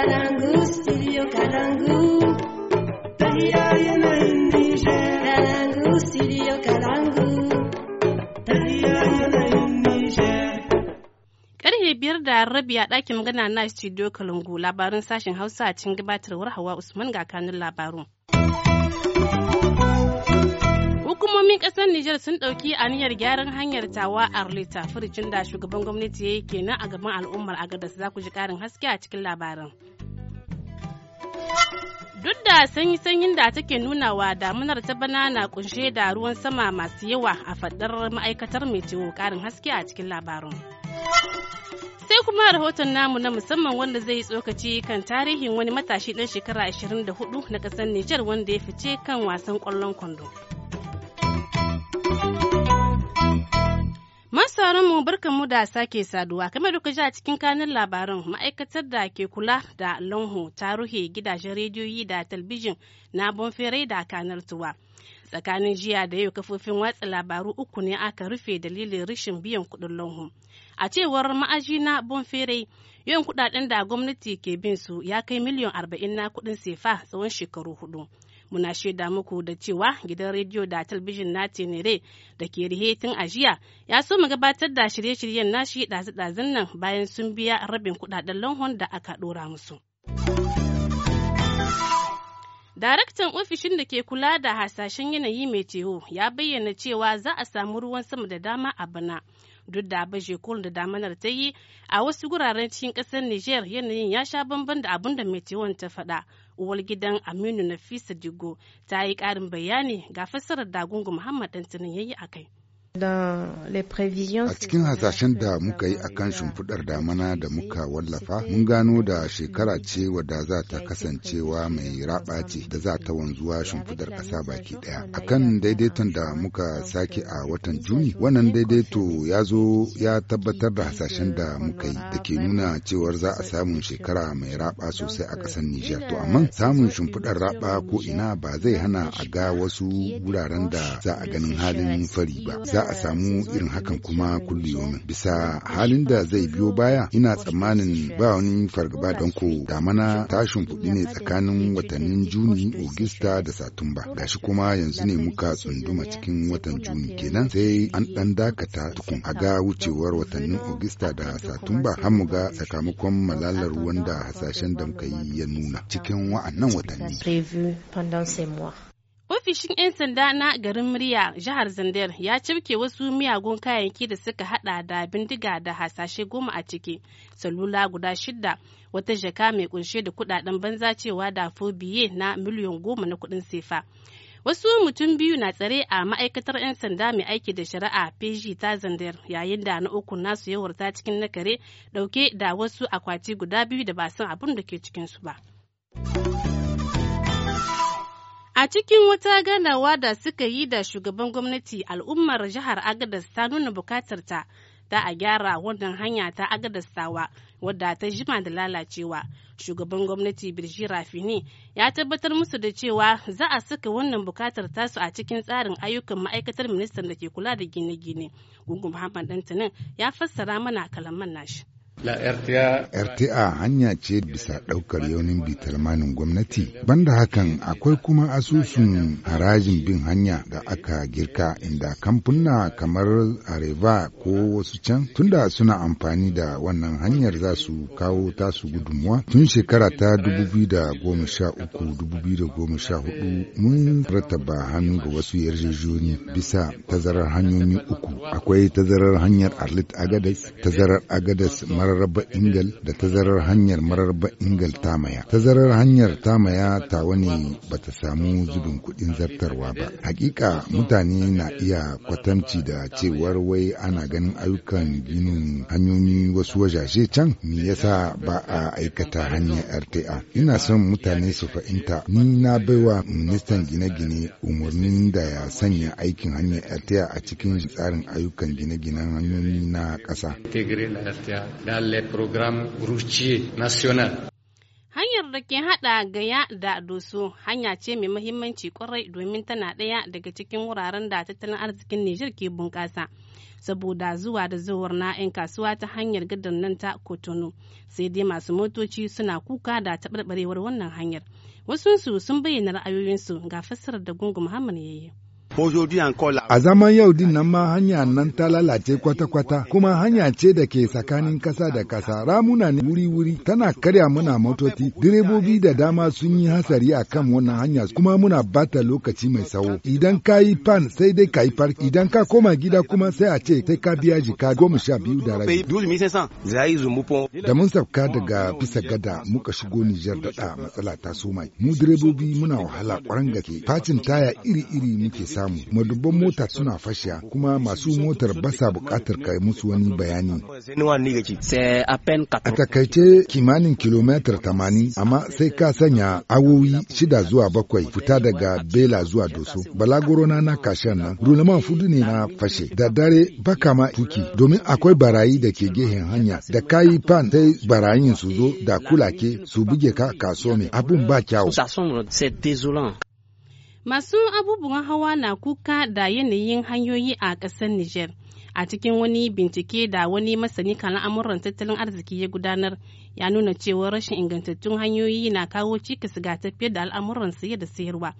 Karangu studio Kalangu. Tahiya yana Niger. Kalangu, studio Kalangu. Tahiya yana Niger. Karhe biyar da rabi a ɗakin magana na studio Kalangu labarin sashen Hausa a cikin gabatarwar Hawa Usman ga kanun labarun. Hukumomin ƙasar Nijar sun ɗauki aniyar gyaran hanyar tawa a Arlita furicin da shugaban gwamnati ya yi kenan a gaban al'ummar Agadas za ku ji ƙarin haske a cikin labarin. Duk da sanyi-sanyin da take wa damunar ta bana na kunshe da ruwan sama masu yawa a faɗar ma'aikatar mai ciwo karin haske a cikin labarin. sai kuma rahoton namu na musamman wanda zai yi tsokaci kan tarihin wani matashi dan shekara 24 na kasar Nijar wanda ya fice kan wasan kwallon kwando. Masarunmu mu barkan da sake saduwa kamar da ji a cikin kanin labarin ma'aikatar da ke kula da lanhu ta ruhe gidajen rediyoyi da talbijin na bonferai da kanar tuwa. Tsakanin jiya da yau kafofin watsa labaru uku ne aka rufe dalilin rashin biyan kuɗin lanhu A cewar ma'aji na bonferai, yawan kudaden da gwamnati ke bin su ya kai miliyan arba'in na kuɗin sefa tsawon shekaru hudu. muna shaida muku da cewa gidan rediyo da talbijin na tenere da ke rihetin tun a ya so mu gabatar da shirye-shiryen nashi ɗazu-ɗazun nan bayan sun biya rabin kuɗaɗen lonhon da aka ɗora musu. Daraktan ofishin da ke kula da hasashen yanayi mai teho ya bayyana cewa za a samu ruwan sama da dama a bana. Duk da baje kolin da damanar ta yi a wasu guraren cikin ƙasar Nijar yanayin ya sha bamban da abin da mai tehon ta faɗa. uwar gidan aminu nafisa digo ta yi karin bayani ga fassarar dagungu muhammad ɗantinin ya yi a kai A cikin hasashen da muka yi akan shimfiɗar damana da muka wallafa, mun gano da shekara ce wadda za ta kasancewa mai raɓa ce da za ta wanzuwa shimfiɗar ƙasa baki ɗaya. A kan daidaiton da muka sake a watan Juni, wannan daidaito ya zo ya tabbatar da hasashen da muka yi da ke nuna cewar za a samun shekara mai raɓa sosai a ƙasar Nijar. To amma samun shimfiɗar raɓa ko ina ba zai hana a ga wasu wuraren da za a ganin halin fari ba. za a samu irin hakan kuma kulliyomin. Bisa halin da zai biyo baya ina tsammanin ba wani fargaba don ko damana tashin kuɗi ne tsakanin watannin Juni, Ogista da Satumba. Gashi kuma yanzu ne muka tsunduma cikin watan Juni kenan sai an ɗan dakata tukun a ga wucewar watannin Ogista da Satumba har mu ga sakamakon malalar wanda hasashen da muka yi ya nuna cikin wa'annan watanni. ofishin 'yan sanda na garin murya jihar zandar ya cibke wasu miyagun kayayyaki da suka hada da bindiga da hasashe goma a ciki salula guda shida wata jaka mai kunshe da kudaden banza cewa da biye na miliyan goma na kudin sefa wasu mutum biyu na tsare a ma'aikatar 'yan sanda mai aiki da shari'a pg ta zandar yayin da na uku nasu yawarta cikin na kare dauke da wasu akwati guda biyu da ba san abin da ke cikinsu ba. A cikin wata ganawa da suka yi da shugaban gwamnati al'ummar jihar Agadas ta nuna bukatar ta ta a gyara wannan hanya ta Agadastawa wadda ta jima da lalacewa. Shugaban gwamnati Birji Rafini ya tabbatar musu da cewa za a saka wannan bukatar tasu a cikin tsarin ayyukan ma'aikatar ministan da ke kula da gine-gine. Gungun Muhammad Dantanin ya fassara mana kalaman nashi. RTA hanya ce bisa ɗaukar yaunin bitalmanin gwamnati. Banda hakan akwai kuma asusun harajin bin hanya da aka girka inda kamfuna kamar Areva ko wasu can tunda suna amfani da wannan hanyar za su kawo tasu gudunmuwa. Tun shekara ta 2013-2014 mun rattaba hannu ga wasu yarjejoni bisa tazarar hanyoyi uku. Akwai tazarar hanyar Arlit Agadas, tazarar Agadas mara mararraba ingal da tazarar hanyar mararraba ingal tamaya tazarar hanyar tamaya ta wani bata samu zubin kuɗin zartarwa ba hakika mutane na iya kwatanci da cewar wai ana ganin ayyukan ginin hanyoyi wasu wajashe can me yasa ba a aikata hanyar rta ina son mutane su fahimta ni na baiwa ministan gine-gine umarnin da ya sanya aikin hanyar rta a cikin tsarin ayyukan gine-ginen hanyoyi na ƙasa le Hanyar da ke haɗa gaya da doso hanya ce mai mahimmanci kwarai domin tana ɗaya daga cikin wuraren da tattalin arzikin Nijar ke bunƙasa. Saboda zuwa da zuwar na 'yan kasuwa ta hanyar gadon nan ta Kotono, sai dai masu motoci suna kuka da taɓarɓarewar wannan hanyar. wasu sun bayyana ra'ayoyinsu ga fassarar da Gungu Muhammad ya yi. A zaman yau din nan ma hanya nan ta lalace kwata-kwata kuma hanya ce da ke tsakanin kasa da kasa ramuna ne wuri-wuri tana karya muna motoci direbobi da dama sun yi hasari a kan wannan hanya kuma muna bata lokaci mai tsawo idan ka yi pan sai dai ka yi park idan ka koma gida kuma sai a ce sai ka biya jika goma sha biyu da rabi. Da mun sauka daga bisa gada muka shigo Nijar da matsala ta soma mu direbobi muna wahala kwaran facin taya iri-iri muke samu. samu madubban mota suna fashiya kuma masu motar ba sa bukatar kai musu wani bayani a takaice kimanin kilomita tamanin amma sai ka sanya awowi shida zuwa bakwai fita daga bela zuwa doso balagorona na kashen nan rulaman fudu ne na fashe da dare baka ma tuki domin akwai barayi da ke gehen hanya da kayi pan sai barayin su zo da kulake su buge ka kaso mai abun ba kyawu Masu abubuwan hawa na kuka da yanayin hanyoyi a ƙasar Nijar. A cikin wani bincike da wani masani kan al'amuran tattalin arziki ya gudanar ya nuna cewa rashin ingantattun hanyoyi na kawo cikas ga tafiyar da al'amuran saye da sayarwa.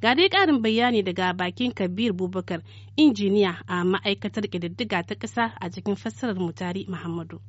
Ga dai ƙarin bayani daga bakin Kabir Bubakar, injiniya a ma'aikatar ƙididdiga ta ƙasa a cikin fassarar Mutari Muhammadu.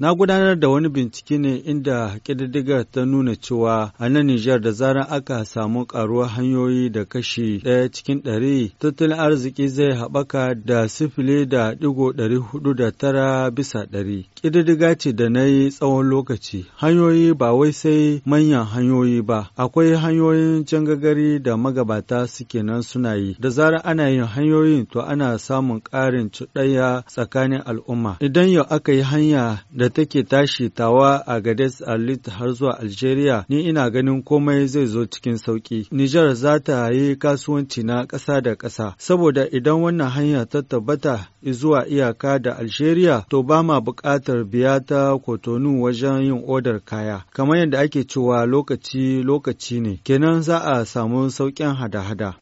Na gudanar da wani bincike ne inda ƙididdigar ta nuna cewa a nan Nijar da zarar aka samu ƙaruwar hanyoyi da kashi ɗaya cikin ɗari, tattalin arziki zai haɓaka da sifili da ɗigo ɗari hudu da tara bisa ɗari. Ƙididdiga ce da na yi tsawon lokaci. Hanyoyi ba wai sai manyan hanyoyi ba, akwai hanyoyin cangagari da magabata suke nan suna yi. Da zarar ana yin hanyoyin to ana samun ƙarin cuɗaya tsakanin al'umma. Idan yau aka yi hanya da da take tashi tawa a Gades Alit har zuwa Algeria ni ina ganin komai zai zo cikin sauki. Nijar za ta yi kasuwanci na ƙasa da ƙasa saboda idan wannan hanya ta tabbata zuwa iyaka da Algeria to ba ma buƙatar biya ta Kotonu wajen yin odar kaya. Kamar yadda ake cewa lokaci lokaci ne kenan za a samu sauƙin hada-hada.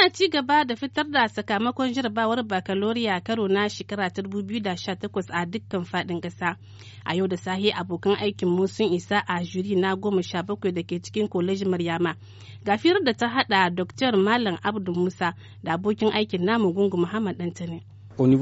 Ana ci gaba da fitar da sakamakon jarabawar bakaloriya karo na shekara ta 2018 a dukkan fadin ƙasa. A yau da sahi abokan aikin mu sun isa a juri na goma sha bakwai da ke cikin kolejin Maryama. ga firar da ta hada Dr. Malam Abdu Musa da abokin aikin namu Gungu Muhammad Dantane. Euh,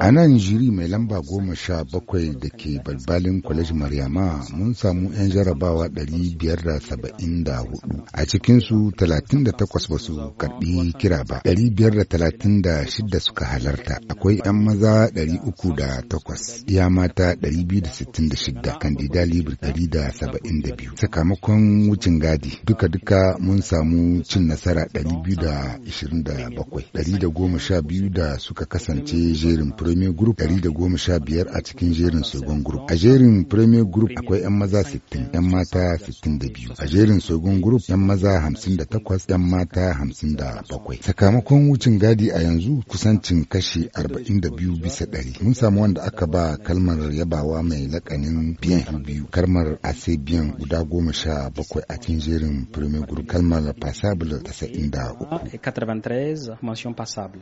a nan jiri mai lamba goma sha bakwai da ke balbalin kwalej Mariama mun samu 'yan jarabawa 574 a cikinsu 38 ba su karbi kira ba 536 suka halarta akwai 'yan maza 308 iya mata 266 kandida libir 172 sakamakon wucin gadi duka-duka mun samu cin nasara 227 biyu da su suka kasance jerin premier group 115 a cikin jerin sogon group a jerin premier group akwai 'yan maza 60 'yan mata 62 a jerin sogon group 'yan maza 58 'yan mata 57 sakamakon wucin gadi a yanzu kusancin kashi 42 bisa 100 mun samu wanda aka ba kalmar yabawa mai lakanin biyan biyu kalmar a sai biyan guda goma sha bakwai a cikin jerin premier group kalmar passable 93 mention passable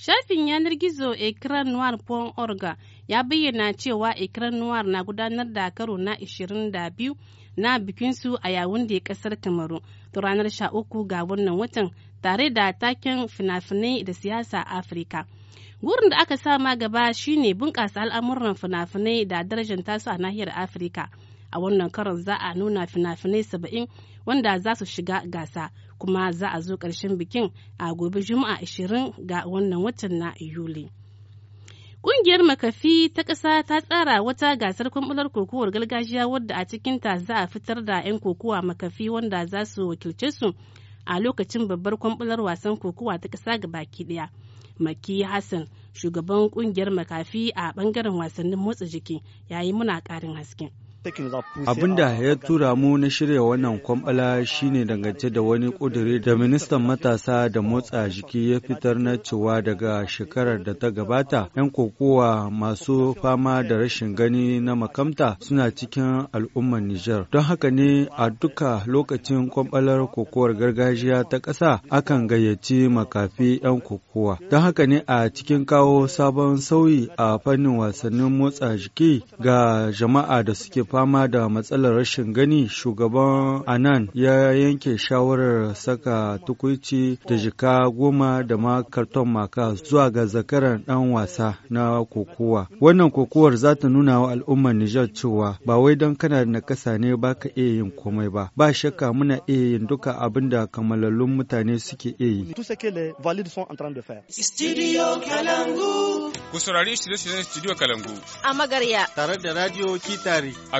Shafin yanar gizo ecranoir.org ya bayyana cewa ecranoir na gudanar da karo na 22 na bikin su a yawun da kasar Kamaru ta ranar 13 ga wannan watan tare da taken finafinai da siyasa Afirka. Gurin da aka sama gaba shine bunƙasa al'amuran finafinai da darajar tasu a nahiyar Afirka. A wannan karon za a nuna finafinai finai saba'in wanda za su shiga gasa kuma za a zo ƙarshen bikin a gobe juma'a 20 ga wannan watan na yuli Ƙungiyar makafi ta ƙasa ta tsara wata gasar kwambular kokowar gargajiya wadda a cikinta za a fitar da 'yan kokowa makafi wanda za su wakilce su a lokacin babbar kwambular wasan kokowa ta ƙasa ga baki ɗaya. Maki Hassan, shugaban ƙungiyar makafi a ɓangaren wasannin motsa jiki, yayi muna ƙarin haske. abinda ya tura mu na shirya wannan kwambala shine dangance da wani ƙuduri da ministan matasa da motsa jiki ya fitar na cewa daga shekarar da ta gabata 'yan kokowa masu fama da rashin gani na makamta suna cikin al'ummar Nijar. Don haka ne a duka lokacin kwambalar kokowar gargajiya ta ƙasa akan gayyaci makafi 'yan kokowa. Don haka ne a cikin kawo sabon sauyi a fannin wasannin motsa jiki ga jama'a da suke fama da matsalar rashin gani shugaban anan ya yanke shawarar saka tukuici da jika goma da ma karton maka zuwa ga zakaran dan wasa na kokowa wannan kokowar za ta nuna wa al'ummar nijar cewa ba wai don kana da nakasa ne ba ka iya yin komai ba ba shakka muna iya yin duka abin da kamalallun mutane suke iya yi Studio Kalangu. Ku saurari shirye-shiryen Studio Kalangu. A magarya. Tare da Radio Kitari. A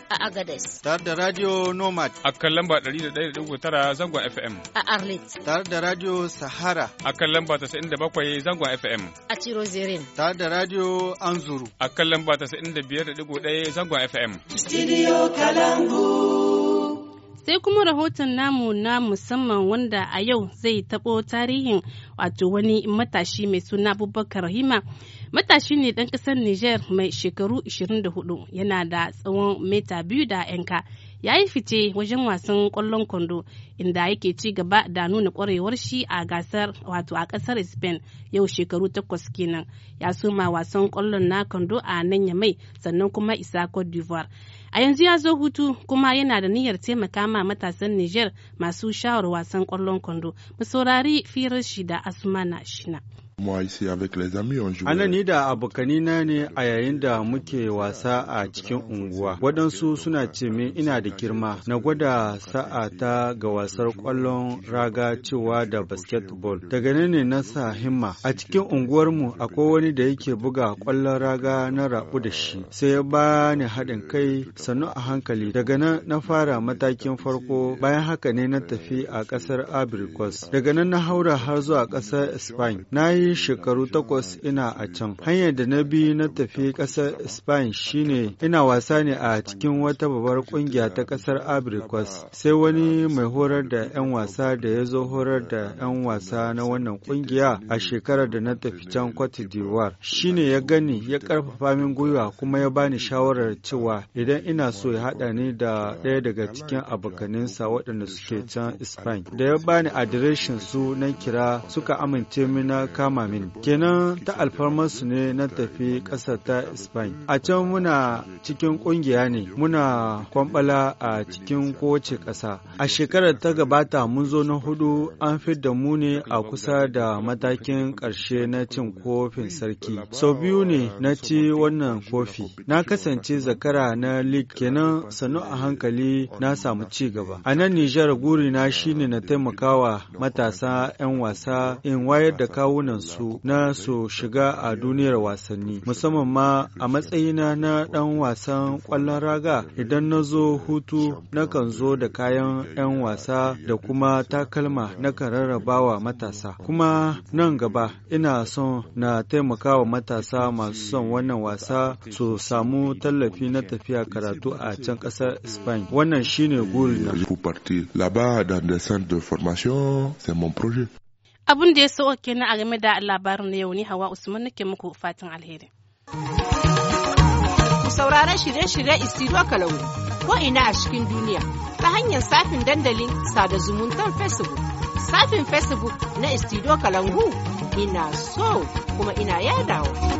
a Agadez. Tare da Radio Nomad. A kan lamba 101.9 zangon FM. A Arlit. Tare da Radio Sahara. A kan lamba bakwai zangon FM. A Tirozirin. Tare da Radio Anzuru. A kan lamba 95.1 zangon FM. Studio Kalangu. Sai kuma rahoton namu na musamman wanda a yau zai taɓo tarihin wato wani matashi mai suna Abubakar Hima. Matashi ne ɗan ƙasar Nijar mai shekaru 24 yana da tsawon mita biyu da yanka. Ya yi fice wajen wasan ƙwallon kwando inda yake ci gaba da nuna kwarewar shi a gasar wato a ƙasar Spain yau shekaru takwas kenan. Ya soma wasan kwallon na kwando a nan ya mai sannan kuma isa Cote d'Ivoire. A yanzu ya zo hutu kuma yana da niyyar taimaka ma matasan niger masu shawar wasan kwallon kwando. Mu saurari firar shi da Asmana Shina. Ana ni da abokani na ne a yayin da muke wasa a cikin unguwa. Waɗansu suna ce min ina da girma. Na gwada sa'a ta ga wasar ƙwallon raga cewa da basketball. Daga nan ne na sa himma. A cikin unguwarmu akwai wani da yake buga ƙwallon raga na rabu da shi. Sai ya bani haɗin kai sannu a hankali. Daga nan na fara matakin farko bayan haka ne na tafi a ƙasar Abrikos. Daga nan na haura har zuwa ƙasar Spain. Na yi shekaru takwas ina a can. Hanyar da na bi na tafi ƙasar Spain shine ina wasa ne a cikin wata babbar ƙungiya ta ƙasar Abrikos. Sai wani mai horar da 'yan wasa da ya zo horar da 'yan wasa na wannan ƙungiya a shekarar da na tafi can Cote d'Ivoire. Shine ya gani ya ƙarfafa min gwiwa kuma ya bani shawarar cewa idan ina so ya haɗa ni da ɗaya daga cikin abokaninsa waɗanda suke can Spain. Da ya bani adireshin su na kira suka amince mina kama mamin kenan ta alfarmarsu ne na tafi ƙasar ta spain a can muna cikin ƙungiya ne muna kwambala a cikin kowace ƙasa a shekarar ta gabata mun zo na hudu an fi da mu ne a kusa da matakin ƙarshe na cin kofin sarki sau biyu ne na ci wannan kofi na kasance zakara na league kenan sannu a hankali na samu ci gaba a nan nijar guri na shine na taimakawa matasa 'yan wasa in wayar da kawunan kansu na su shiga a duniyar wasanni musamman ma a matsayina na ɗan wasan ƙwallon raga idan na zo hutu na kan zo da kayan 'yan wasa da kuma takalma na kan rarrabawa matasa kuma nan gaba ina son na taimaka wa matasa masu son wannan wasa su samu tallafi na tafiya karatu a can kasar spain wannan shine guri na. abin da ya so kenan a game da labarin na yau ni hawa usman nake muku fatan alheri sauraron shirye-shirye isiro kalangu ko ina a cikin duniya ta hanyar safin dandalin sada zumuntar facebook safin facebook na isiro kalangu ina so kuma ina yadawa